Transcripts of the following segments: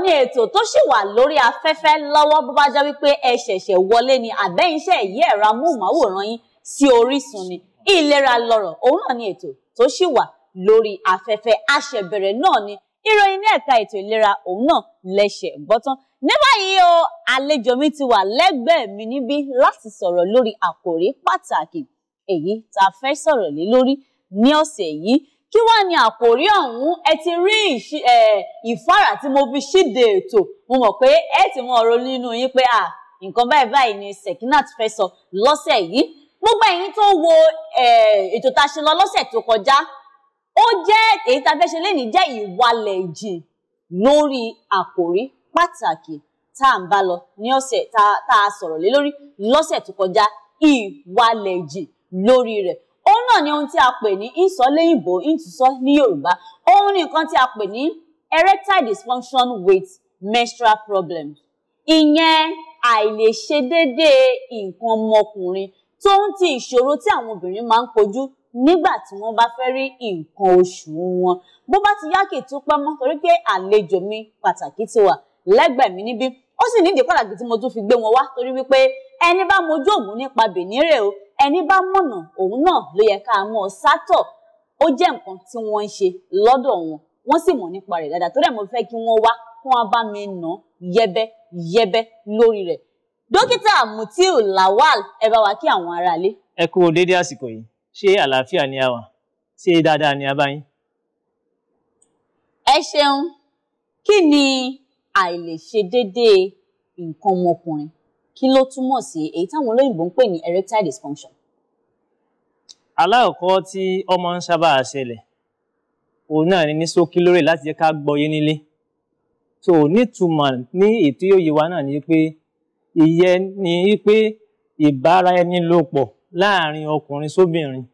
ní ètò tó ṣì wà lórí afẹ́fẹ́ lọ́wọ́ bó bá jẹ́ wípé ẹ ṣẹ̀ṣẹ̀ wọlé ni àbẹ́yìnṣẹ́ yí ẹ̀rọ amóhùnmáwòrán yín sí Orísun ni ìlera lọ́rọ̀ òun náà ní ètò tó ṣì wà lórí afẹ́fẹ́ àṣẹbẹ̀rẹ̀ náà ni ìròyìn ní ẹ̀ka ètò ìlera òun náà lẹ́ṣẹ̀ gbọ́tán ní báyìí o àlejò mi ti wà lẹ́gbẹ̀ẹ́ mi níbí láti sọ̀rọ̀ lórí àkòrí pàtàkì èyí tá fẹ́ sọ̀rọ̀ lé lórí ní ọ̀sẹ̀ yìí kí wá ni àkòrí ọ̀hún ẹ ti rí ìfáàrà tí mo fi ṣíde ètò mo mọ̀ pé ẹ ti mọ ọ̀rọ̀ nínú yín pé à nǹkan báyìí báyìí ni Sekinat fẹ́ sọ lọ́sẹ̀ yìí gbogbo ẹ̀yin tó wo ètò tá a ṣe lọ lọ́sẹ̀ tó kọjá ó jẹ́ èyí tá a fẹ́ ṣe lénìí jẹ́ ìwalẹ̀ ìjìn lórí àkòrí pàtàkì tá à ń bá lọ ní ọ̀sẹ̀ tá a sọ̀rọ̀ lé lórí lọ́sẹ̀ tó kọjá ìwalẹ̀ ìjìn lórí rẹ̀ òun náà ni ohun tí a pè ní ìsọléyìnbó ìtúsọ ní Yorùbá òun ni nǹkan tí a pè ní erectile dysfunction with menstrual problem ìyẹn àìlèṣe déédéé nǹkan ọmọkùnrin tó ń ti ìṣòro tí àwọn obìnrin máa ń kojú nígbà tí wọ́n bá fẹ́ rí nǹkan oṣù wọn bó bá ti yáàkì tó pẹ́ mọ́ torí pé àlejò mi pàtàkì ti wà lẹ́gbẹ̀ẹ́ mi níbí ó sì nídìí pàtàkì tí mo tún fi gbé wọn wá torí wípé ẹni bá mojú ògùn nípa bènírè o ẹni bá mọ̀nà òun náà ló yẹ ká mọ̀ sátọ̀ ó jẹ́ nǹkan tí wọ́n ń ṣe lọ́dọ̀ wọn wọ́n sì mọ̀ nípa rẹ̀ dáadáa tó dẹ̀ mo fẹ́ kí wọ́n wá kí wọ́n bá mi nà yẹbẹ yẹbẹ lórí rẹ̀ dókítà Mutiu Lawal ẹ bá wa kí àwọn aráalé. ẹ kú déédéé àsìkò yìí ṣé àlàáfíà ni a wà ṣé dáadáa ni a bá yín. ẹ ṣeun kí ni àìlèṣe nǹkan ọmọkùnrin kí ló túmọ̀ sí èyí táwọn olóyìnbó ń pè ní erectile dysfunction. alákọ̀ọ́kọ́ tí ọmọ ń sábà ṣẹlẹ̀ òun náà ni ní ṣókí lórí láti jẹ́ ká gbọ́yé nílé so nítumọ̀ ní ètò yóò yé wa náà ni pé ìyẹn ni pé ìbára ẹni lò pọ̀ láàrin ọkùnrin sóbìnrin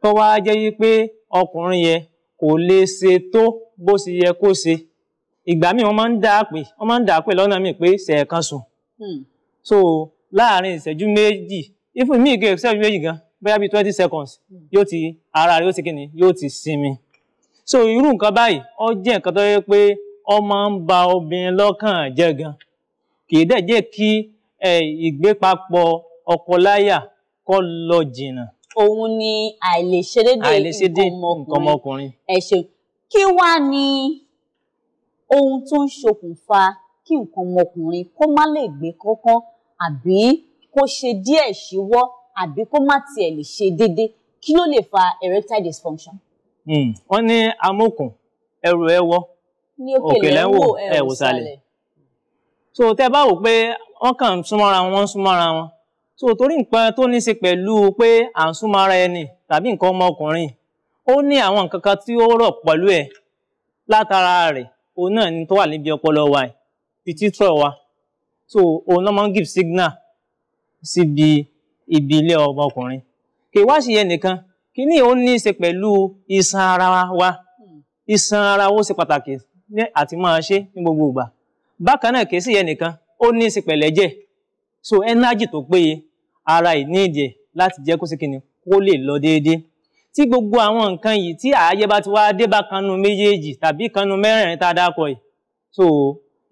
tó wá jẹ́ wípé ọkùnrin yẹn kò lè ṣe tó bó ṣe yẹ kó ṣe ìgbà míì wọ́n máa ń dà pé wọ́n máa ń dà pé lọ́nà míì pé ṣẹ̀ẹ̀kan sùn hmm so láàrin ìṣẹ́jú méjì ifun mi ìgbé ìṣẹ́jú méjì gan bóyá bíi twenty seconds yóò ti ara rẹ̀ yóò ti kíni yóò ti sinmi so irú nǹkan báyìí ó jẹ́ nǹkan tó yẹ pé ọmọ ń ba obìnrin lọ́kàn jẹ́ gan kì í dẹ̀ jẹ́ kí ìgbépapọ̀ ọkọláyà kó lọ jìnnà. òun ni àìlèṣedédé nǹkan ọmọkùnrin. ẹ ṣeun kí wá ni ohun tó ń ṣokùnfà kí nǹkan ọmọkùnrin kó má lè gbé kọ́kọ́ àbí kó ṣe díẹ̀ ṣíwọ́ àbí kó má tiẹ̀ lè ṣe déédé kí ló lè fa erectile dysfunction. Hmm, wọ́n ní amókùn ẹrù ẹ wọ́ òkè lẹ́wọ̀ ẹ wò sálẹ̀ so tẹ́ bá wò pé wọ́n kàn ń súnmọ́ra wọn wọ́n ń súnmọ́ra wọn so torí nǹkan tó ní í ṣe pẹ̀lú pé à ń súnmọ́ra ẹni tàbí nǹkan ọmọkùnrin ó ní àwọn nǹkan kan tí ó rọ̀ pẹ̀lú ẹ̀ látara rẹ̀ òun náà ni tó wà níbi ọpọlọ wa yìí fi títọ̀ wa so òun náà ń give signal síbi ibi ilé ọmọkùnrin kì í wá sí yẹn nìkan kíní òun ní í ṣe pẹ̀lú iṣan ara wa hmm. iṣan ara ó ṣe pàtàkì àti máa ṣe ní gbogbo ìgbà bákan náà kì í sí yẹn ó ní í ṣe pẹ̀lú so energy tó péye ara ìní ìdíẹ̀ láti jẹ́ kó sí kíni kó lè lọ déédéé tí gbogbo àwọn nǹkan yìí tí ààyè bá ti wá dé bá kanú méjèèjì tàbí kanú mẹ́rẹ̀ẹ̀rin tá a dákọ̀ yìí so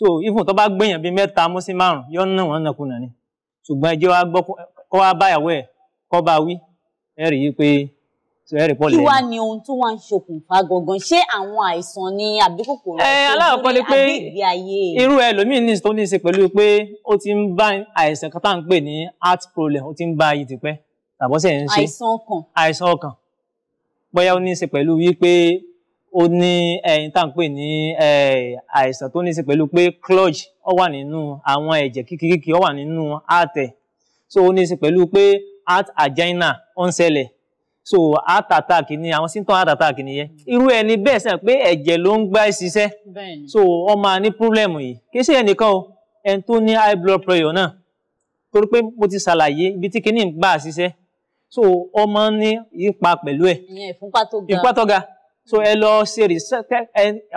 so ifun tó bá gbẹ̀yàn bíi mẹ́ta mú sí márùn yọ nà wọ́n nàkúnà ni ṣùgbọ́n ẹjẹ́ wa gbọ́ kọ́ wa báyàwó ẹ̀ kọ́ bá wí ẹ rí i pé ẹ rí pọ́lẹ̀. kí wá ni ohun tó wá ń ṣokùnfà gangan ṣé àwọn àìsàn ni àbí kòkòrò tó ní àbí ìgbé ayé. irú ẹlòmíín ní tó ní í ṣe pẹ̀lú pé ó ti ń bá àìsàn kan tá à ń pè ní heart problem ó ti ń bá ayé tipẹ́ tàbọ́sẹ̀ ń ṣe àìsàn ọkàn bóyá ó ní í ṣe pẹ̀lú wípé ó ní ẹyin tá à ń pè ní àìsàn tó ní í ṣe pẹ̀lú pé clutch ó wà nínú àwọn ẹ̀jẹ̀ kíkíkíkí ó wà nínú àtẹ̀ so ó ní í ṣe pẹ̀lú pé heart angina ó ń ṣẹlẹ̀ so heart attack ni àwọn symptom heart attack nìyẹn irú ẹni bẹ́ẹ̀ sàn pé ẹ̀jẹ̀ ló ń gbá ṣiṣẹ́ so ó máa ní problem yìí kì í ṣe ẹnìkan o ẹni tó ní high blood pressure náà torí pé mo ti ṣàlàyé ibi tí kinní ń gbà ṣiṣẹ́ so ọmọ ní ipa pẹ̀lú ẹ̀ ìfúnpá tó ga so ẹ lọ ṣe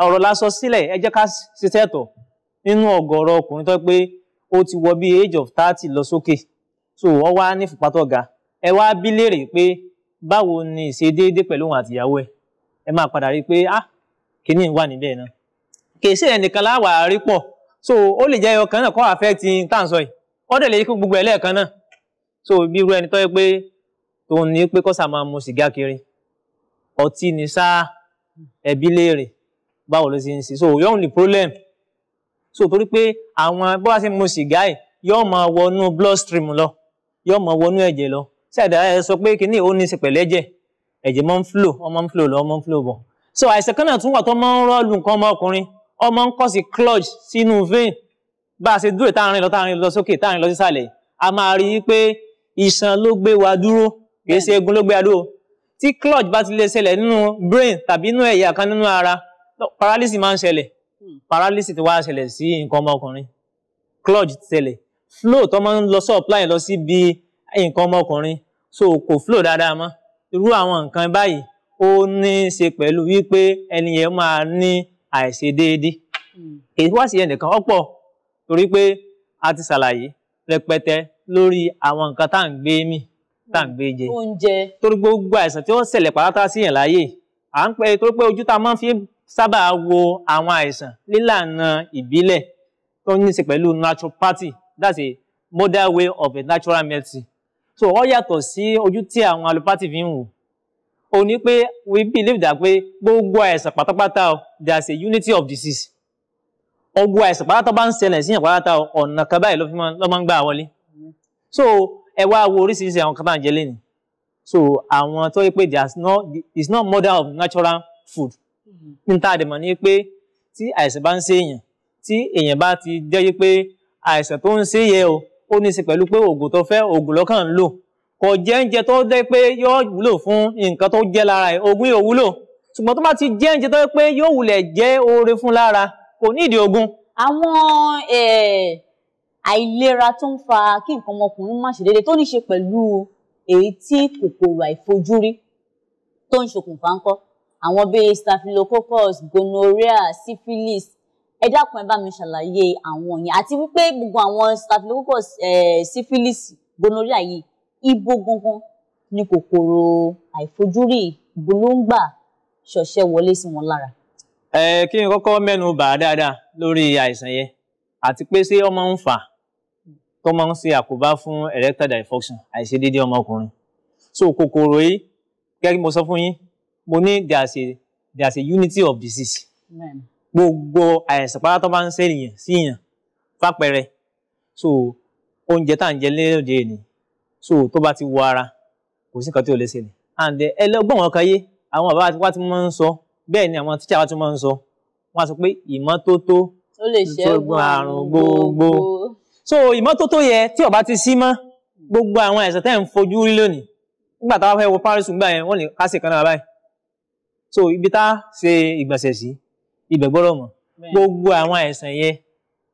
ọ̀rọ̀ lásán sílẹ̀ ẹ ká nínú ọ̀gọ̀ọ̀rọ̀ ọkùnrin tó pé ó ti wọ bí age of thirty lọ sókè so ọ wá ní fipá ga ẹ wá bí léèrè pé báwo ni déédéé pẹ̀lú òun àtìyàwó ẹ ẹ máa padà rí i ah kìíní wà níbẹ̀ náà kìí ṣe ẹnìkan láwà rí so ó lè jẹ́ náà kọ́ yìí ó dẹ̀ lè yí gbogbo náà so bí irú ẹni ẹbí léèrè báwo ló ṣe ń ṣe so yóò ní problem so torí pé àwọn bó bá ṣe mu sìgá yìí yóò máa wọnú blood stream lọ yóò máa wọnú ẹ̀jẹ̀ lọ ṣé àdáyà ẹ sọ pé kínní ò ní í ṣe pẹ̀lú ẹ̀jẹ̀ ẹ̀jẹ̀ máa ń flow ọmọ ń flow lọ ọmọ ń flow bọ̀ so àìsàn kan náà tún wà tó máa ń rọ́ọ̀lù nǹkan ọmọkùnrin ọmọ ń kọ́ sí clutch sínú vein bá a ṣe dúró táàrin lọ táàrin lọ sókè táàrin lọ sísàlẹ̀ a máa rí i pé iṣan ló gbé wa dúró kì í ṣe egun ló gbé wa dúró tí clutch bá ti lè ṣẹlẹ̀ nínú brain tàbí inú ẹ̀yà kan nínú ara paralysis máa ń ṣẹlẹ̀ hmm. paralysis ti wá ṣẹlẹ̀ sí nǹkan ọmọkùnrin clutch ti ṣẹlẹ̀ flow tó máa ń lọ supply lọ sí bí nǹkan ọmọkùnrin so kò flow dáadáa mọ́ irú àwọn nǹkan báyìí ó ní í ṣe pẹ̀lú wípé ẹni yẹn máa ní àìṣedéédé hmm. èyí wá sí ẹnìkan ọ̀pọ̀ torí pé a ti ṣàlàyé rẹpẹtẹ lórí àwọn nǹkan tá à ń gbé mì tá à ń gbé jẹ oúnjẹ torí gbogbo àìsàn tí ó ń ṣẹlẹ̀ pàtàkì sí yàn láyè à ń pẹ́ torí pé ojú tá a máa fi sábà wo àwọn àìsàn lílànà ìbílẹ̀ tó ní ṣe pẹ̀lú naturopathy that's a modern way of a natural medicine so ó yàtọ̀ sí ojú tí àwọn allopathy fi ń wò ó ní pé we believe that pé gbogbo àìsàn pátápátá o there a unity of disease ọgbọ àìsàn pátápátá bá ń ṣẹlẹ̀ sí yàn pátápátá ọ̀nà kan báyìí ló máa ń gbà wọlé so ẹ wá wo oríṣiríṣi àwọn kan tá à ń jẹ lẹ́nu so àwọn tó yẹ pé it's not model of natural food ní tá a dẹ̀ mọ̀ ní pé tí àìsàn bá ń ṣe èèyàn tí èèyàn bá ti jẹ́ pé àìsàn tó ń ṣe yẹ o ó ní í ṣe pẹ̀lú pé oògùn tó fẹ́ oògùn lọ́kàn ń lò kò jẹ́ oúnjẹ tó jẹ́ pé yóò wúlò fún nǹkan tó jẹ́ lára ẹ̀ oògùn yóò wúlò ṣùgbọ́n tó bá ti jẹ́ oúnjẹ tó jẹ́ pé yóò wulẹ̀ jẹ́ oore fún lára kò ní ìdí oògùn. àwọn eh, àìlera tó ń fa kí nǹkan ọmọkùnrin má ṣe déédéé tó ní ṣe pẹ̀lú èyí tí kòkòrò àìfojúrí tó ń ṣokùnfà ńkọ́ àwọn bíi staphylococcus gonorrhea syphilis ẹ dákun ẹ bá mi ṣàlàyé àwọn yẹn àti wípé gbogbo àwọn staphylococcus eh, syphilis gonorrhea yìí ibo gangan ni kòkòrò àìfojúrí ibo ló ń gbà ṣọṣẹ́ wọlé sí wọn lára. ẹ eh, kí n kọ́kọ́ mẹ́nu bà á dáadáa lórí àìsàn yẹn àti pé ṣé ọmọ ń fà á tó máa ń ṣe àkóbá fún erectile dysfunction àìṣedéédé ọmọkùnrin so kòkòrò yìí gẹ́gẹ́ bí mo sọ fún yín mo ní there is a there is a unity of disease gbogbo àìsàn pátá tó bá ń ṣe ènìyàn sí èèyàn fàpẹrẹ so oúnjẹ tá à ń jẹ lóde ènìyàn so tó bá ti wọ ara kò sí nǹkan tí ò lè ṣe and ẹ lọ gbọ́n wọn kan yé àwọn bàbá wa ti máa ń sọ bẹ́ẹ̀ ni àwọn tíṣà wa ti máa ń sọ wọ́n á sọ pé ìmọ́tótó ó lè ṣẹ́gun àrùn gbogbo so ìmọ́tótó yẹ tí ó bá ti sí mọ́ gbogbo àwọn àìsàn tẹ́ ń fojú rí lónìí nígbà táwa fẹ́ wọ Paris gbà yẹn wọ́n ní ká ṣe kan báyìí so ibi tá ṣe ìgbọ̀nsẹ̀ sí ibẹ̀ gbọ́dọ̀ mọ̀ gbogbo àwọn àìsàn yẹ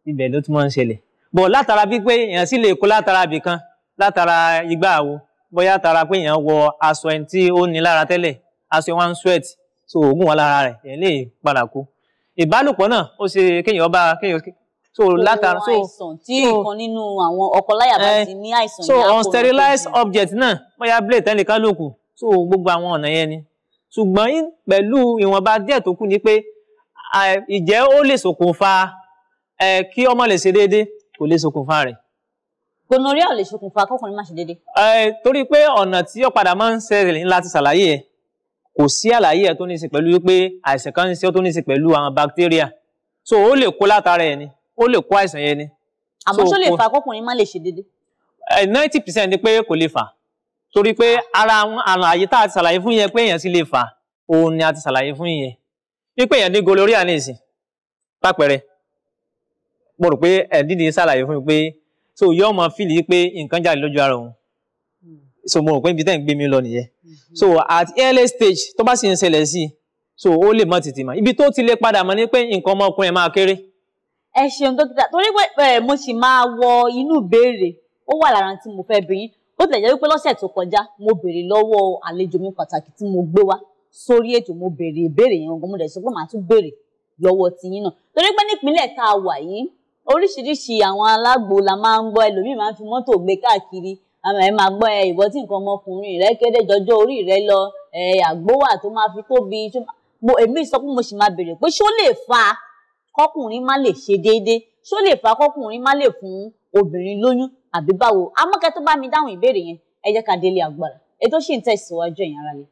ibẹ̀ ló tún máa ń ṣẹlẹ̀ bọ̀ látara bí pé èèyàn sì lè kó látara ibì kan látara igbá àwo bóyá tara pé èèyàn wọ aṣọ ẹni tí ó ní lára tẹ́lẹ̀ aṣọ wọn sweat so oògùn wọn lára rẹ̀ èèyàn lè padà kú ìbálòpọ̀ náà ó ṣe kéèyàn bá kéèyàn so látara so àìsàn tí ìkan nínú àwọn ọkọláyà bá eh, ti ní àìsàn so on sterilized object náà bóyá blade tẹ́nìkan ló kù so gbogbo àwọn ọ̀nà yẹn ni ṣùgbọ́n pẹ̀lú ìwọ̀nba díẹ̀ to kù ni pé ìjẹ́ ó lè ṣokùnfà eh, kí ọmọ lè ṣe déédéé kò lè ṣokùnfà rẹ̀. gonorrhea ò lè ṣokùnfà kọkùnrin má ṣe déédéé. Eh, torí pé ọ̀nà tí ó padà máa ń ṣẹlẹ̀ ńlá ti ṣàlàyé kò sí àlàyé ẹ̀ tó ní í ṣe pẹ̀lú pé àìsàn kan ń ṣe ó tó ní í ṣe pẹ̀lú àwọn bacteria so ó lè kó látara ẹ̀ ni ó lè kó àìsàn yẹn ni. àmọ́ ṣó lè fa kọkùnrin má lè ṣe déédéé. Eh, ninety percent ni pé kò lè fà torí pé ara àwọn àyè tá a ti ṣàlàyé fún yẹn pé èèyàn sì lè fà òun ni a ti ṣàlàyé fún yẹn wípé èèyàn ní gonorrhea ní ìsìn pápẹrẹ mo rò pé ẹ̀ẹ́dídì ṣàlàyé fún mi pé so yóò máa fìlì pé nǹkan jáde lójú ara òun so mo rò pé ibi tẹ́ ń gbé mi lọ nìyẹn mm-hmm. so at early stage tó bá sì ń ṣẹlẹ̀ sí i so ó lè mọ tètè mọ ibi tó ti lè padà mọ ni pé nǹkan ọmọkùnrin máa kéré ẹ ṣeun dókítà torí pé mo sì máa wọ inú ìbéèrè ó wà lára tí mo fẹ́ bi yín ó tilẹ̀ jẹ́ wípé lọ́sẹ̀ tó kọjá mo béèrè lọ́wọ́ àlejò mi pàtàkì tí mo gbé wá sórí ètò mo béèrè ìbéèrè yẹn gan mo dẹ̀ sọ pé màá tún béèrè lọ́wọ́ tiyín náà torí pé nípínlẹ̀ tá a wà yìí oríṣiríṣi àwọn alágbo la máa ń gbọ́ ẹlòmíì máa ń fi mọ́tò gbé káàkiri àmọ́ ẹ máa gbọ́ ẹ ìwọ tí nǹkan ọmọkùnrin rẹ kéde jọjọ́ orí rẹ lọ ẹ àgbówà tó máa fi tóbi èmi sọ pé mo sì máa béèrè pé ṣó lè fa kọkùnrin má lè ṣe déédé ṣó lè fa kọkùnrin má lè fún obìnrin lóyún àbí báwo amọkẹ tó bá mi dáhùn ìbéèrè yẹn ẹ jẹ́ ká délé agbára ètò sì ń tẹ̀síwájú ẹ̀yin aráalé